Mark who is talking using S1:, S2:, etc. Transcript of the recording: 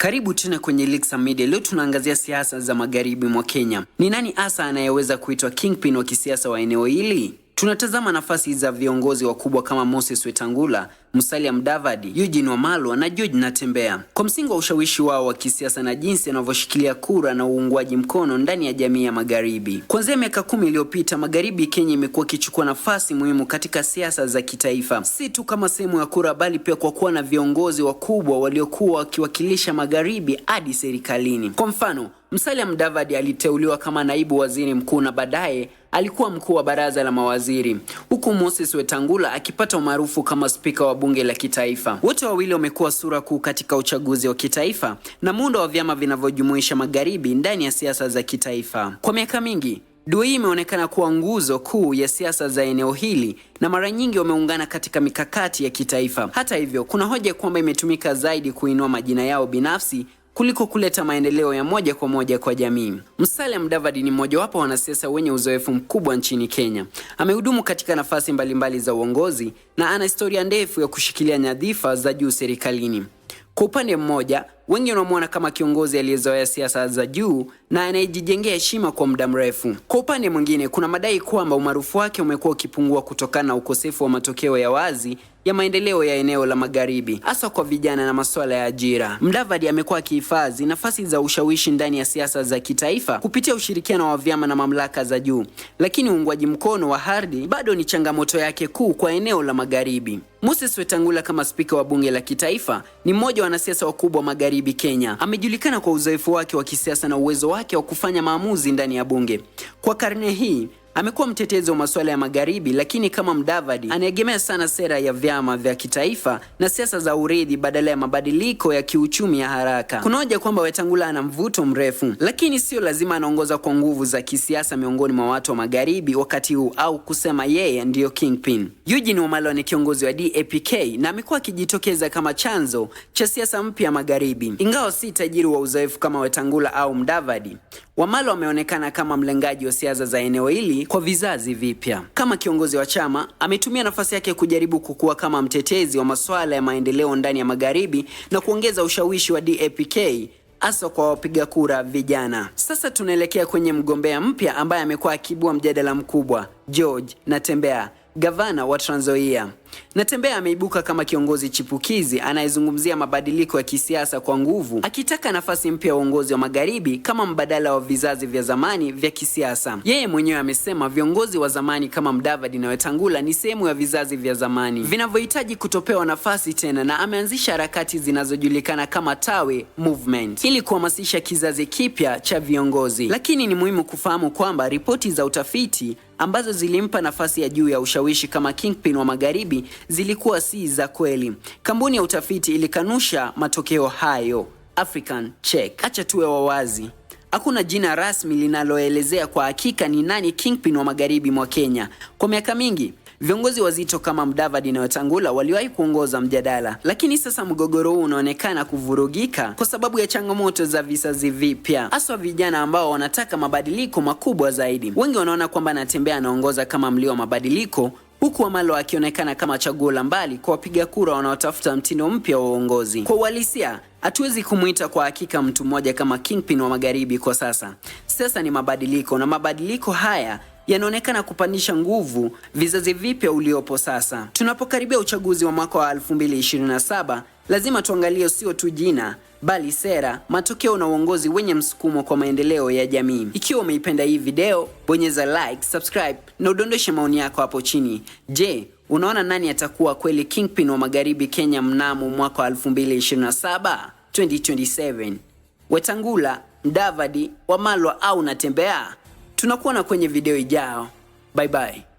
S1: Karibu tena kwenye Lixer Media. Leo tunaangazia siasa za magharibi mwa Kenya. Ni nani hasa anayeweza kuitwa kingpin wa kisiasa wa eneo hili? Tunatazama nafasi za viongozi wakubwa kama Moses Wetangula, Musalia Mudavadi, Eugene Wamalwa na George Natembeya kwa msingi wa ushawishi wao wa kisiasa na jinsi yanavyoshikilia kura na uungwaji mkono ndani ya jamii ya Magharibi. Kuanzia miaka kumi iliyopita, Magharibi Kenya imekuwa ikichukua nafasi muhimu katika siasa za kitaifa, si tu kama sehemu ya kura, bali pia kwa kuwa na viongozi wakubwa waliokuwa wakiwakilisha Magharibi hadi serikalini. Kwa mfano Musalia Mudavadi aliteuliwa kama naibu waziri mkuu na baadaye alikuwa mkuu wa baraza la mawaziri huku Moses Wetangula akipata umaarufu kama spika wa bunge la kitaifa. Wote wawili wamekuwa sura kuu katika uchaguzi wa kitaifa na muundo wa vyama vinavyojumuisha magharibi ndani ya siasa za kitaifa. Kwa miaka mingi, duo hii imeonekana kuwa nguzo kuu ya siasa za eneo hili na mara nyingi wameungana katika mikakati ya kitaifa. Hata hivyo, kuna hoja kwamba imetumika zaidi kuinua majina yao binafsi kuliko kuleta maendeleo ya moja kwa moja kwa jamii. Musalia Mudavadi ni mmojawapo wa wanasiasa wenye uzoefu mkubwa nchini Kenya. Amehudumu katika nafasi mbalimbali za uongozi na ana historia ndefu ya kushikilia nyadhifa za juu serikalini. Kwa upande mmoja, wengi wanamwona kama kiongozi aliyezoea siasa za juu na anayejijengea heshima kwa muda mrefu. Kwa upande mwingine, kuna madai kwamba umaarufu wake umekuwa ukipungua kutokana na ukosefu wa matokeo ya wazi ya maendeleo ya eneo la magharibi, hasa kwa vijana na masuala ya ajira. mdavadi amekuwa akihifadhi nafasi za ushawishi ndani ya siasa za kitaifa kupitia ushirikiano wa vyama na mamlaka za juu, lakini uungwaji mkono wa hardi bado ni changamoto yake kuu kwa eneo la magharibi. Moses Wetangula kama spika wa bunge la kitaifa ni mmoja wa wanasiasa wakubwa magharibi Kenya. Amejulikana kwa uzoefu wake wa kisiasa na uwezo wake wa kufanya maamuzi ndani ya bunge. Kwa karne hii Amekuwa mtetezi wa masuala ya magharibi, lakini kama mdavadi anaegemea sana sera ya vyama vya kitaifa na siasa za urithi badala ya mabadiliko ya kiuchumi ya haraka. Kuna hoja kwamba Wetangula ana mvuto mrefu, lakini sio lazima anaongoza kwa nguvu za kisiasa miongoni mwa watu wa magharibi wakati huu au kusema yeye ndiyo kingpin. Eugene Wamalwa ni kiongozi wa DAPK na amekuwa akijitokeza kama chanzo cha siasa mpya magharibi, ingawa si tajiri wa uzoefu kama Wetangula au Mdavadi. Wamala wameonekana kama mlengaji wa siasa za eneo hili kwa vizazi vipya. Kama kiongozi wa chama, ametumia nafasi yake kujaribu kukua kama mtetezi wa masuala ya maendeleo ndani ya Magharibi na kuongeza ushawishi wa DAPK hasa kwa wapiga kura vijana. Sasa tunaelekea kwenye mgombea mpya ambaye amekuwa akibua mjadala mkubwa, George Natembeya, gavana wa Trans Nzoia. Natembeya ameibuka kama kiongozi chipukizi anayezungumzia mabadiliko ya kisiasa kwa nguvu, akitaka nafasi mpya ya uongozi wa magharibi kama mbadala wa vizazi vya zamani vya kisiasa. Yeye mwenyewe amesema viongozi wa zamani kama Mdavadi na Wetangula ni sehemu ya vizazi vya zamani vinavyohitaji kutopewa nafasi tena, na ameanzisha harakati zinazojulikana kama Tawe Movement ili kuhamasisha kizazi kipya cha viongozi. Lakini ni muhimu kufahamu kwamba ripoti za utafiti ambazo zilimpa nafasi ya juu ya ushawishi kama kingpin wa magharibi zilikuwa si za kweli. Kampuni ya utafiti ilikanusha matokeo hayo. African Check. Acha tuwe wawazi, hakuna jina rasmi linaloelezea kwa hakika ni nani kingpin wa magharibi mwa Kenya. Kwa miaka mingi viongozi wazito kama Mudavadi na Wetangula waliwahi kuongoza mjadala, lakini sasa mgogoro huu unaonekana kuvurugika kwa sababu ya changamoto za visazi vipya, haswa vijana ambao wanataka mabadiliko makubwa zaidi. Wengi wanaona kwamba Natembeya anaongoza kama mlio wa mabadiliko huku Amalo akionekana kama chaguo la mbali kwa wapiga kura wanaotafuta mtindo mpya wa uongozi. Kwa uhalisia, hatuwezi kumwita kwa hakika mtu mmoja kama kingpin wa magharibi kwa sasa. Sasa ni mabadiliko, na mabadiliko haya yanaonekana kupandisha nguvu vizazi vipya uliopo sasa. Tunapokaribia uchaguzi wa mwaka wa 2027 Lazima tuangalie sio tu jina bali sera, matokeo na uongozi wenye msukumo kwa maendeleo ya jamii. Ikiwa umeipenda hii video, bonyeza like, subscribe na udondoshe maoni yako hapo chini. Je, unaona nani atakuwa kweli kingpin wa magharibi Kenya mnamo mwaka 2027 2027? Wetangula, Mdavadi, Wamalwa au natembea Tunakuona kwenye video ijayo. Bye bye.